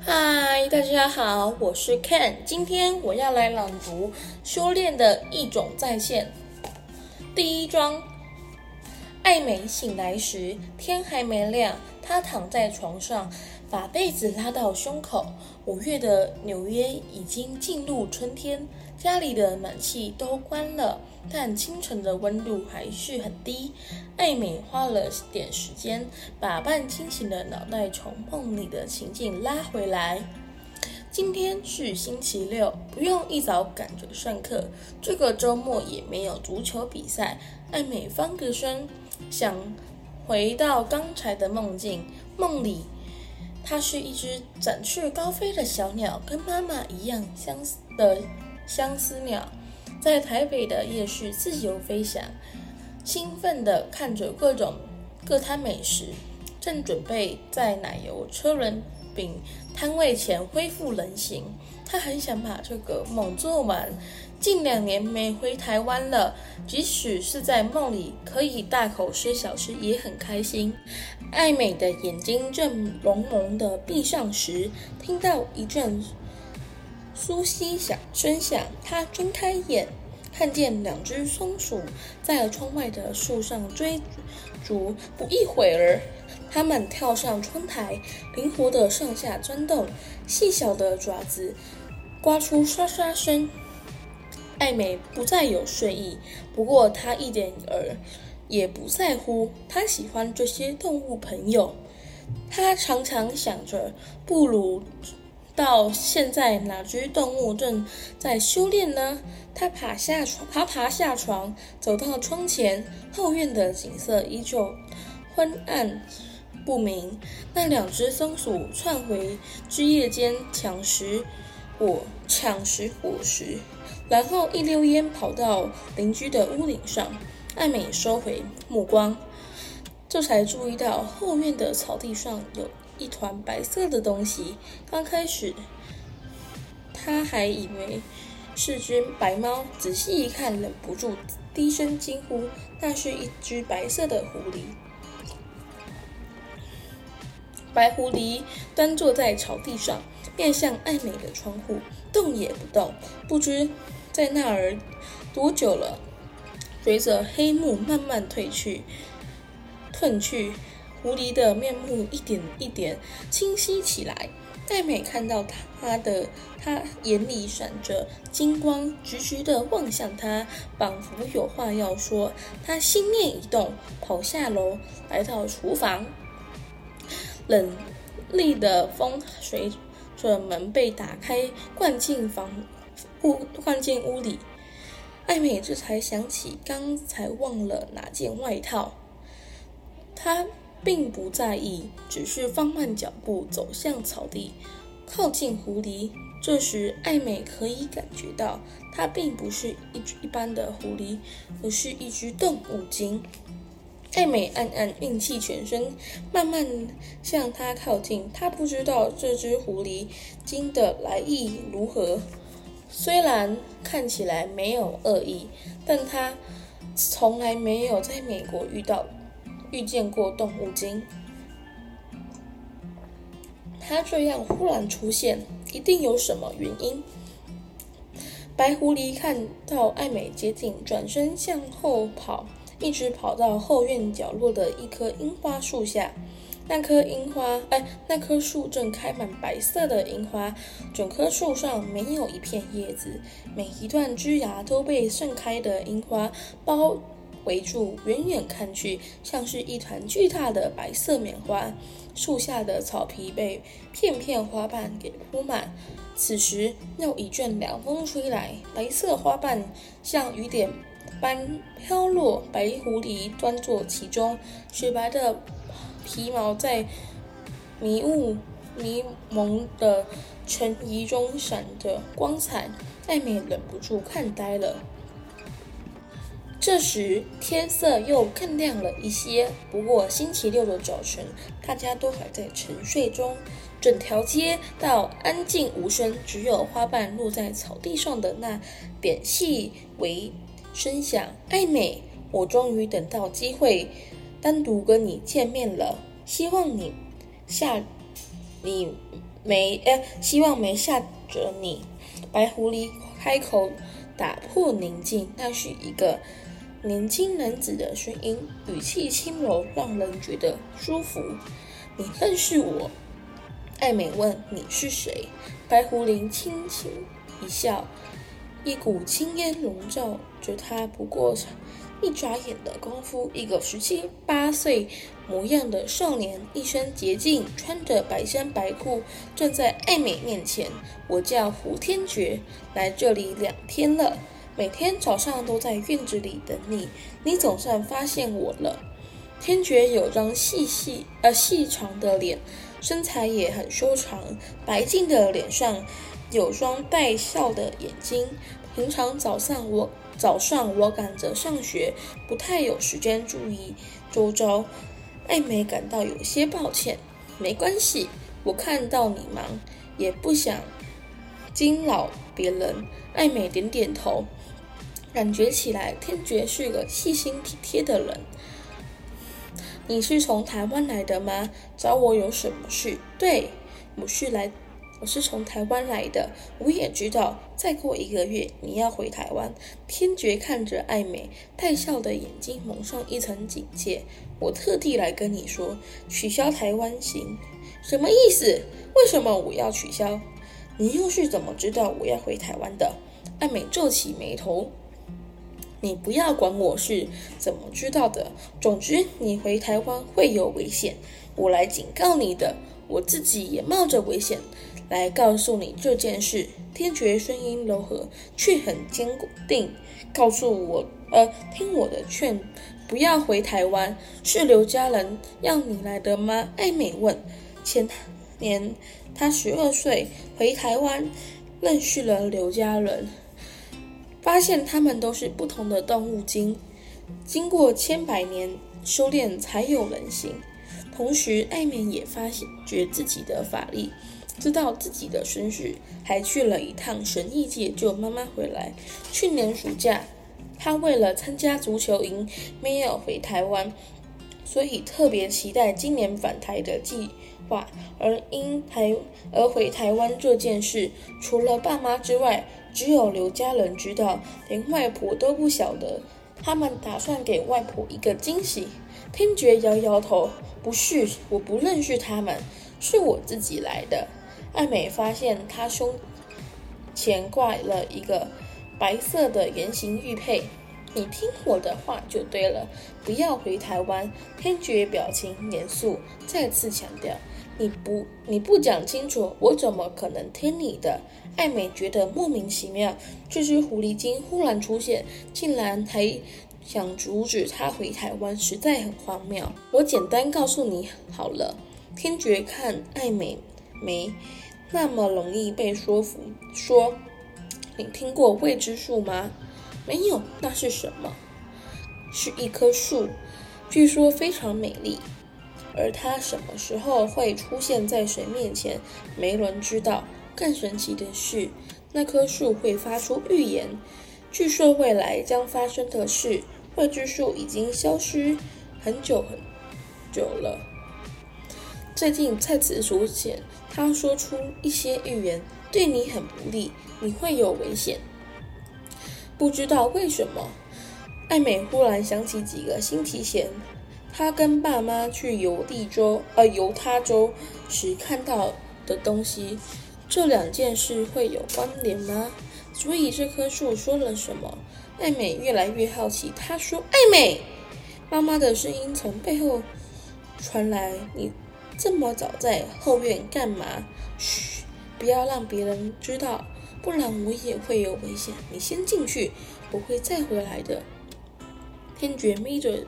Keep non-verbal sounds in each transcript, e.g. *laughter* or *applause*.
嗨，大家好，我是 Ken，今天我要來朗讀《修煉的異種再現》第一章。艾美醒來時，天還沒亮，她躺在床上，把被子拉到胸口。五月的紐約已經進入春天，家裡的暖氣都關了。但清晨的溫度還是很低，艾美花了點時間，把半清醒的腦袋從夢裡的情境拉回來。今天是星期六，不用一早趕着上課，這個週末也沒有足球比賽。艾美翻個身，想回到剛才的夢境。夢裡，她是一隻展翅高飛的小鳥，跟媽媽一樣相思的相思鳥。在台北的夜市自由飛翔，興奮地看着各種各攤美食，正準備在奶油車輪餅攤位前恢復人形。他很想把這個夢做完。近兩年沒回台灣了，即使是在夢裡可以大口吃小吃，也很開心。愛美的眼睛正朦朧的閉上時，聽到一陣。蘇西想聲響，她睜開眼，看見兩隻松鼠在窗外的樹上追逐。不一會兒，它們跳上窗台，靈活地上下鑽動，細小的爪子刮出刷刷聲。艾美不再有睡意，不過她一點兒也不在乎，她喜歡這些動物朋友。她常常想着布魯。不如到現在哪隻動物正在修煉呢？他爬下床，爬爬下床，走到窗前，後院的景色依舊昏暗不明。那兩隻松鼠竄回枝葉間搶食我搶食果實，然後一溜煙跑到鄰居的屋頂上。艾美收回目光，這才注意到後院的草地上有。一團白色的東西，剛開始他還以為是只白貓，仔細一看，忍不住低聲驚呼：“那是一只白色的狐狸！”白狐狸端坐在草地上，面向愛美的窗戶，動也不動，不知在那兒多久了。隨着黑幕慢慢褪去，褪去。狐狸的面目一點一點清晰起來。艾美看到他的，他眼裡閃着金光，直直的望向他，仿佛有話要說。他心念一動，跑下樓來到廚房。冷冽的風隨着門被打開，灌進房屋，灌進屋裡。艾美這才想起剛才忘了拿件外套。他。並不在意，只是放慢腳步走向草地，靠近狐狸。這時，艾美可以感覺到，它並不是一隻一般的狐狸，而是一隻動物精。艾美暗暗運氣全身，慢慢向它靠近。她不知道這隻狐狸精的來意如何，雖然看起來沒有惡意，但她從來沒有在美國遇到。遇見過動物精，它這樣忽然出現，一定有什麼原因。白狐狸看到愛美接近，轉身向後跑，一直跑到後院角落的一棵櫻花樹下。那棵櫻花，哎，那棵樹正開滿白色的櫻花，整棵樹上沒有一片葉子，每一段枝芽都被盛開的櫻花包。圍住，遠遠看去，像是一團巨大的白色棉花。樹下的草皮被片片花瓣給鋪滿。此時又一陣涼風吹來，白色花瓣像雨點般飄落。白狐狸端坐其中，雪白的皮毛在迷霧迷蒙的晨曦中閃着光彩。艾美忍不住看呆了。這時天色又更亮了一些，不過星期六的早晨，大家都還在沉睡中，整條街道安靜無聲，只有花瓣落在草地上的那點細微聲響。艾美，我終於等到機會，單獨跟你見面了。希望你嚇，你沒誒、哎，希望沒嚇着你。白狐狸開口打破寧靜，那是一個。年輕男子的聲音，語氣輕柔，讓人覺得舒服。你認識我？艾美問。你是誰？白狐靈輕輕一笑，一股青煙籠罩著他，不過一眨眼的功夫，一個十七八歲模樣的少年，一身潔淨，穿着白衫白褲，站在艾美面前。我叫胡天爵，來這裡兩天了。每天早上都在院子裡等你，你總算發現我了。天覺有張細細呃細長的臉，身材也很修長，白淨的臉上有雙帶笑的眼睛。平常早上我早上我趕着上學，不太有時間注意周遭。艾美感到有些抱歉，沒關係，我看到你忙，也不想驚擾別人。艾美點點頭。感覺起來，天爵是個細心體貼的人。嗯，你是從台灣來的嗎？找我有什麼事？對，我是來，我是從台灣來的。我也知道，再過一個月你要回台灣。天爵看着艾美，帶笑的眼睛蒙上一層警戒。我特地來跟你說，取消台灣行，什麼意思？為什麼我要取消？你又是怎麼知道我要回台灣的？艾美皺起眉頭。你不要管我是怎麼知道的。總之，你回台灣會有危險，我來警告你的。我自己也冒着危險來告訴你這件事。天覺聲音柔和，卻很堅定，告訴我，呃，聽我的勸，不要回台灣。是劉家人讓你來的嗎？艾美問。前年他十二歲，回台灣認識了劉家人。發現他們都是不同的動物精，經過千百年修煉才有人形。同時，艾米也發覺自己的法力，知道自己的身世，還去了一趟神異界救媽媽回來。去年暑假，他為了參加足球營，沒有回台灣，所以特別期待今年返台的計劃。而因台而回台灣這件事，除了爸媽之外，只有劉家人知道，連外婆都不曉得。他們打算給外婆一個驚喜。天爵搖搖頭：“不是，我不認識他們，是我自己來的。”艾美發現他胸前掛了一個白色的圓形玉佩。“你聽我的話就對了，不要回台灣。”天爵表情嚴肅，再次強調。你不，你不講清楚，我怎麼可能聽你的？艾美覺得莫名其妙，這只狐狸精忽然出現，竟然還想阻止她回台灣，實在很荒謬。我簡單告訴你好了。天爵看艾美，沒那麼容易被說服。說，你聽過未知樹嗎？沒有，那是什麼？是一棵樹，據說非常美麗。而它什麼時候會出現在誰面前，沒人知道。更神奇的是，那棵樹會發出預言。據說未來將發生的事，會知樹已經消失很久很久了。最近在此之前，它說出一些預言，對你很不利，你會有危險。不知道為什麼，艾美忽然想起幾個新提醒。他跟爸媽去猶地州，呃，猶他州時看到的東西，這兩件事會有關聯嗎？所以這棵樹說了什麼？艾美越來越好奇。他說：“艾美，媽媽的聲音從背後傳來，你這麼早在後院幹嘛？噓，不要讓別人知道，不然我也會有危險。你先進去，我會再回來的。天絕準”天爵眯着。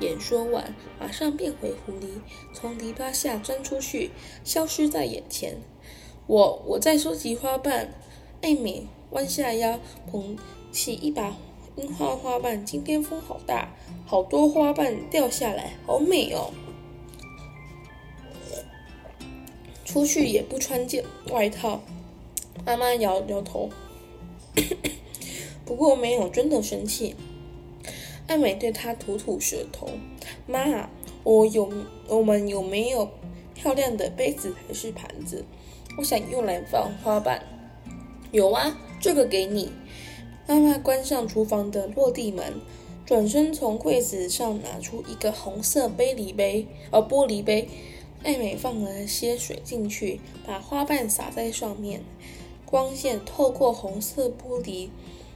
演說完，馬上變回狐狸，從籬笆下鑽出去，消失在眼前。我我在收集花瓣。艾米彎下腰，捧起一把櫻花花瓣。今天風好大，好多花瓣掉下來，好美哦。出去也不穿件外套。媽媽搖搖頭， *coughs* 不過沒有真的生氣。艾美對他吐吐舌頭。媽，我有，我們有沒有漂亮的杯子還是盤子？我想用來放花瓣。有啊，這個給你。媽媽關上廚房的落地門，轉身從櫃子上拿出一個紅色玻璃杯，呃，玻璃杯。艾美放了些水進去，把花瓣撒在上面。光線透過紅色玻璃。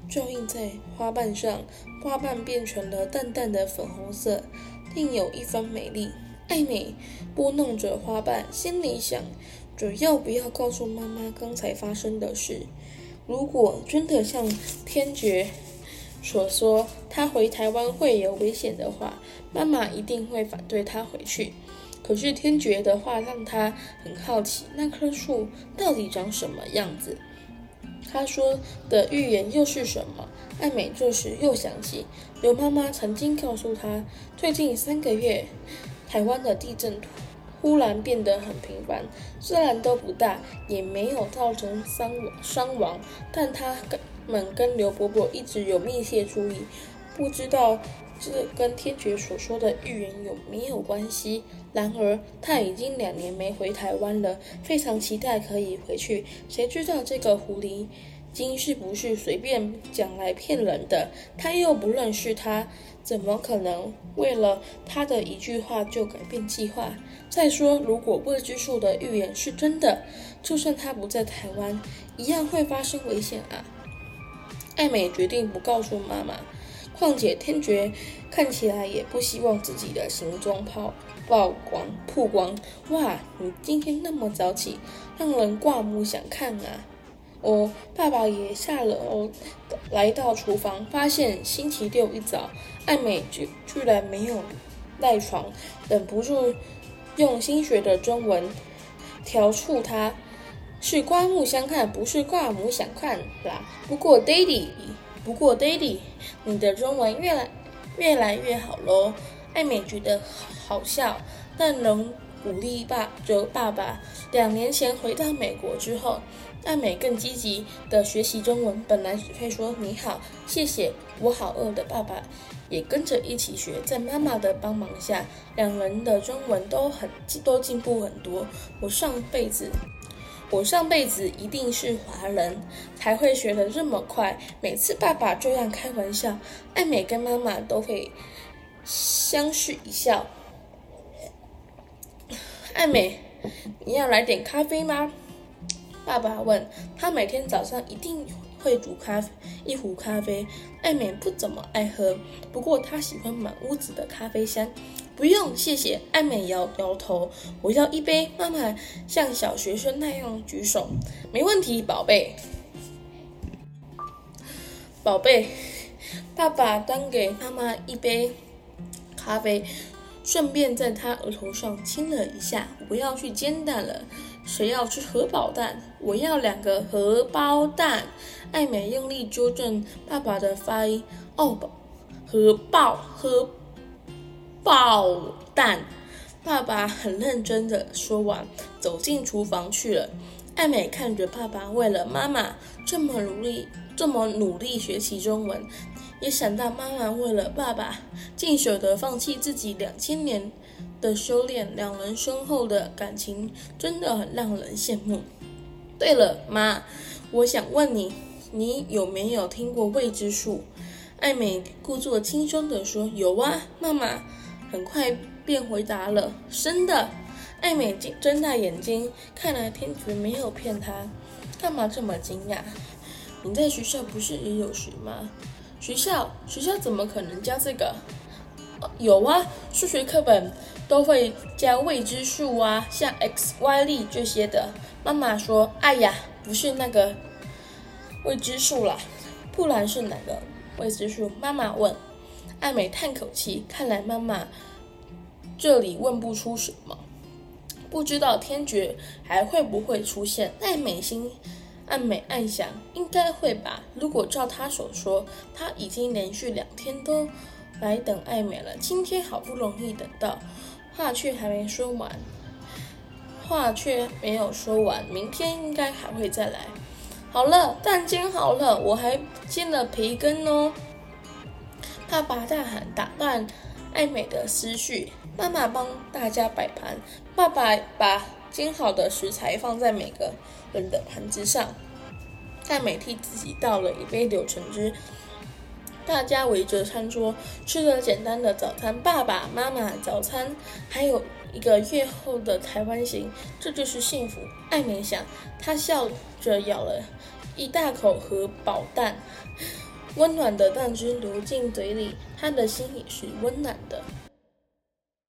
照映在花瓣上，花瓣變成了淡淡的粉紅色，另有一番美麗。愛美撥弄着花瓣，心裡想：主要不要告訴媽媽剛才發生的事。如果真的像天爵所說，他回台灣會有危險的話，媽媽一定會反對他回去。可是天爵的話讓他很好奇，那棵樹到底長什麼樣子？他說的預言又是什麼？愛美這時又想起劉媽媽曾經告訴她，最近三個月，台灣的地震突然變得很頻繁，雖然都不大，也沒有造成傷亡，但他們跟劉伯伯一直有密切注意。不知道這跟天爵所說的預言有沒有關係？然而他已經兩年沒回台灣了，非常期待可以回去。誰知道這個狐狸精是不是隨便講來騙人的？他又不認識她，怎麼可能為了她的一句話就改變計劃？再說，如果未知數的預言是真的，就算她不在台灣，一樣會發生危險啊！艾美決定不告訴媽媽。況且天爵看起來也不希望自己的行蹤曝光曝光。哇！你今天那麼早起，讓人刮目想看啊！我、哦、爸爸也下了樓，來到廚房，發現星期六一早，愛美居居然沒有賴床，忍不住用新學的中文調促她。是刮目相看，不是刮目想看啦。不過，爹地。不過，Daddy，你的中文越來越來越好咯。艾美覺得好，好笑，但仍鼓勵爸着爸爸。兩年前回到美國之後，艾美更積極地學習中文，本來只會說“你好”“謝謝”“我好餓”的爸爸，也跟着一起學。在媽媽的幫忙下，兩人的中文都很都進步很多。我上輩子。我上輩子一定是華人，才會學得這麼快。每次爸爸這樣開玩笑，艾美跟媽媽都會相視一笑。艾美，你要來點咖啡嗎？爸爸問她，她每天早上一定會煮咖一壺咖啡。艾美不怎麼愛喝，不過她喜歡滿屋子的咖啡香。不用，謝謝。艾美搖搖頭，我要一杯。媽媽像小學生那樣舉手，沒問題，寶貝。寶貝，爸爸端給媽媽一杯咖啡，順便在她額頭上親了一下。我要去煎蛋了，誰要吃荷包蛋？我要兩個荷包蛋。艾美用力糾正爸爸的發音：哦，荷包，荷。爆蛋！爸爸很認真地說完，走進廚房去了。艾美看着爸爸為了媽媽這麼努力，這麼努力學習中文，也想到媽媽為了爸爸竟捨得放棄自己兩千年的修煉，兩人深厚的感情真的很讓人羨慕。對了，媽，我想問你，你有沒有聽過《未知數》？艾美故作輕鬆地說：“有啊，媽媽。”很快便回答了，真的。艾美金睜大眼睛，看來天爵沒有騙她。幹嘛這麼驚訝？你在學校不是也有學嗎？學校學校怎麼可能教這個？哦，有啊，數學課本都會教未知數啊，像 x、y、z 這些的。媽媽說：“哎呀，不是那個未知數啦，不然是哪個未知數？”媽媽問。愛美嘆口氣，看來媽媽這裡問不出什麼。不知道天爵還會不會出現？愛美心，愛美暗想，應該會吧。如果照他所說，他已經連續兩天都來等愛美了。今天好不容易等到，話卻還沒說完，話卻沒有說完。明天應該還會再來。好了，蛋煎好了，我還煎了培根哦。爸爸大喊打斷艾美的思緒，媽媽幫大家擺盤，爸爸把煎好的食材放在每個人的盤子上，艾美替自己倒了一杯柳橙汁，大家圍着餐桌吃了簡單的早餐，爸爸媽媽早餐，還有一個月後的台灣行，這就是幸福。艾美想，她笑着咬了一大口荷包蛋。溫暖的蛋汁流進嘴裡，他的心也是溫暖的。